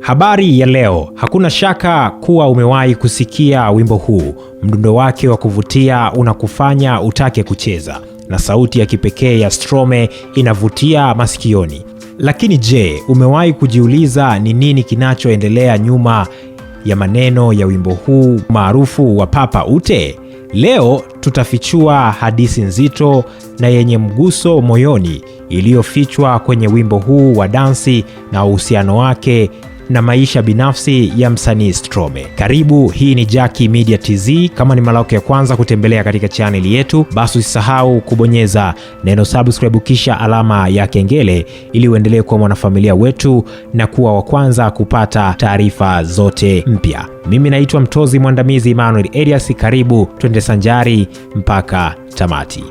Habari ya leo. Hakuna shaka kuwa umewahi kusikia wimbo huu. Mdundo wake wa kuvutia unakufanya utake kucheza na sauti ya kipekee ya Strome inavutia masikioni. Lakini je, umewahi kujiuliza ni nini kinachoendelea nyuma ya maneno ya wimbo huu maarufu wa Papa Ute? Leo tutafichua hadithi nzito na yenye mguso moyoni iliyofichwa kwenye wimbo huu wa dansi na uhusiano wake na maisha binafsi ya msanii Strome. Karibu, hii ni Jackie Media TZ. Kama ni mara yako ya kwanza kutembelea katika chaneli yetu, basi usisahau kubonyeza neno subscribe kisha alama ya kengele ili uendelee kuwa mwanafamilia wetu na kuwa wa kwanza kupata taarifa zote mpya. Mimi naitwa Mtozi Mwandamizi Emmanuel Elias. Karibu twende sanjari mpaka tamati.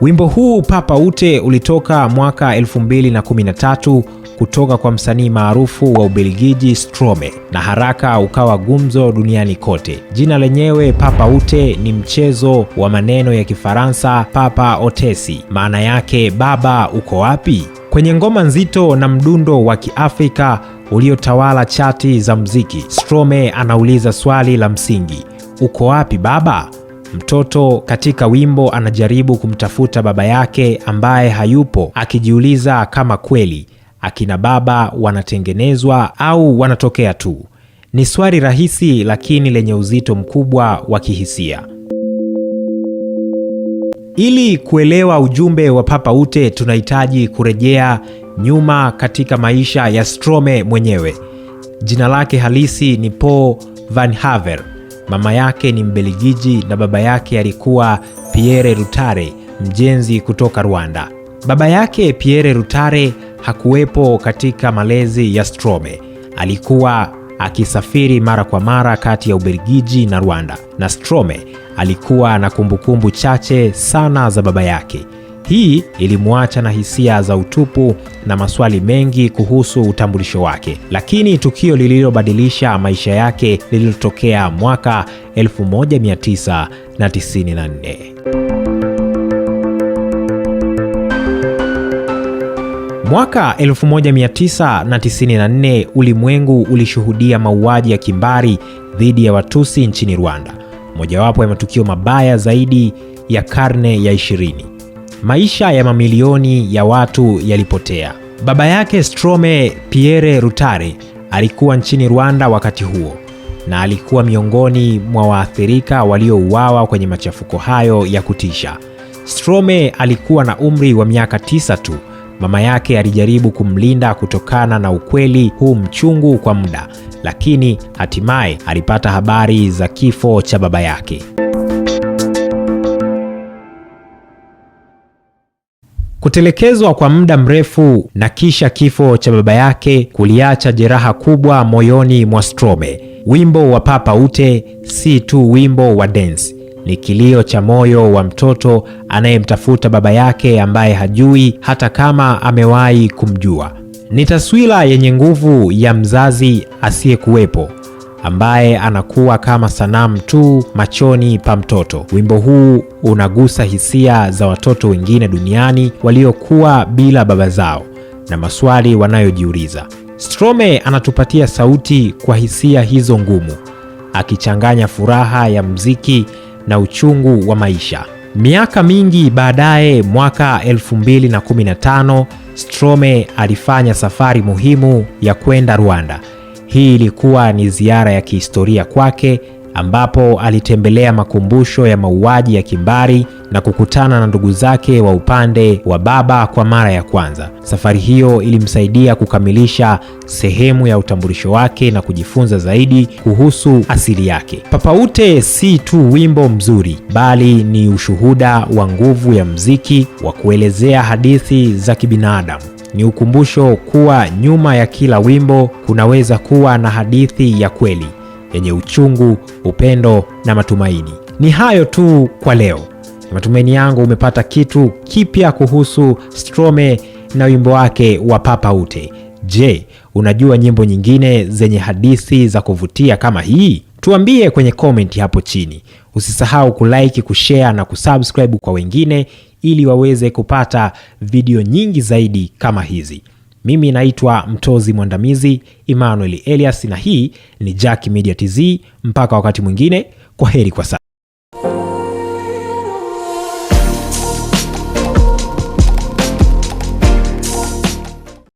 Wimbo huu Papa Ute ulitoka mwaka 2013 kutoka kwa msanii maarufu wa Ubelgiji strome na haraka ukawa gumzo duniani kote. Jina lenyewe Papa Ute ni mchezo wa maneno ya Kifaransa Papa Otesi, maana yake baba uko wapi? Kwenye ngoma nzito na mdundo wa Kiafrika uliotawala chati za mziki, strome anauliza swali la msingi, uko wapi baba? Mtoto katika wimbo anajaribu kumtafuta baba yake ambaye hayupo, akijiuliza kama kweli akina baba wanatengenezwa au wanatokea tu. Ni swali rahisi lakini lenye uzito mkubwa wa kihisia. Ili kuelewa ujumbe wa Papa Ute, tunahitaji kurejea nyuma katika maisha ya Strome mwenyewe. Jina lake halisi ni Paul Van Haver. Mama yake ni Mbelgiji na baba yake alikuwa Pierre Rutare, mjenzi kutoka Rwanda. Baba yake Pierre Rutare hakuwepo katika malezi ya Strome. Alikuwa akisafiri mara kwa mara kati ya Ubelgiji na Rwanda, na Strome alikuwa na kumbukumbu chache sana za baba yake. Hii ilimwacha na hisia za utupu na maswali mengi kuhusu utambulisho wake, lakini tukio lililobadilisha maisha yake lililotokea mwaka 1994. Mwaka 1994 ulimwengu ulishuhudia mauaji ya kimbari dhidi ya Watusi nchini Rwanda, mojawapo ya matukio mabaya zaidi ya karne ya ishirini maisha ya mamilioni ya watu yalipotea. Baba yake Strome Pierre Rutare alikuwa nchini Rwanda wakati huo na alikuwa miongoni mwa waathirika waliouawa kwenye machafuko hayo ya kutisha. Strome alikuwa na umri wa miaka tisa tu. Mama yake alijaribu kumlinda kutokana na ukweli huu mchungu kwa muda, lakini hatimaye alipata habari za kifo cha baba yake. Kutelekezwa kwa muda mrefu na kisha kifo cha baba yake kuliacha jeraha kubwa moyoni mwa Strome. Wimbo wa Papa Ute si tu wimbo wa dance, ni kilio cha moyo wa mtoto anayemtafuta baba yake ambaye hajui hata kama amewahi kumjua. Ni taswira yenye nguvu ya mzazi asiyekuwepo ambaye anakuwa kama sanamu tu machoni pa mtoto. Wimbo huu unagusa hisia za watoto wengine duniani waliokuwa bila baba zao na maswali wanayojiuliza. Strome anatupatia sauti kwa hisia hizo ngumu, akichanganya furaha ya mziki na uchungu wa maisha. Miaka mingi baadaye, mwaka 2015, Strome alifanya safari muhimu ya kwenda Rwanda hii ilikuwa ni ziara ya kihistoria kwake ambapo alitembelea makumbusho ya mauaji ya kimbari na kukutana na ndugu zake wa upande wa baba kwa mara ya kwanza. Safari hiyo ilimsaidia kukamilisha sehemu ya utambulisho wake na kujifunza zaidi kuhusu asili yake. Papaute si tu wimbo mzuri, bali ni ushuhuda wa nguvu ya mziki wa kuelezea hadithi za kibinadamu ni ukumbusho kuwa nyuma ya kila wimbo kunaweza kuwa na hadithi ya kweli yenye uchungu, upendo na matumaini. Ni hayo tu kwa leo. Matumaini yangu umepata kitu kipya kuhusu Stromae na wimbo wake wa Papa Ute. Je, unajua nyimbo nyingine zenye hadithi za kuvutia kama hii? Tuambie kwenye comment hapo chini. Usisahau kulike, kushare na kusubscribe kwa wengine ili waweze kupata video nyingi zaidi kama hizi. Mimi naitwa Mtozi Mwandamizi Emmanuel Elias na hii ni Jack Media TZ. Mpaka wakati mwingine, kwa heri kwa sasa.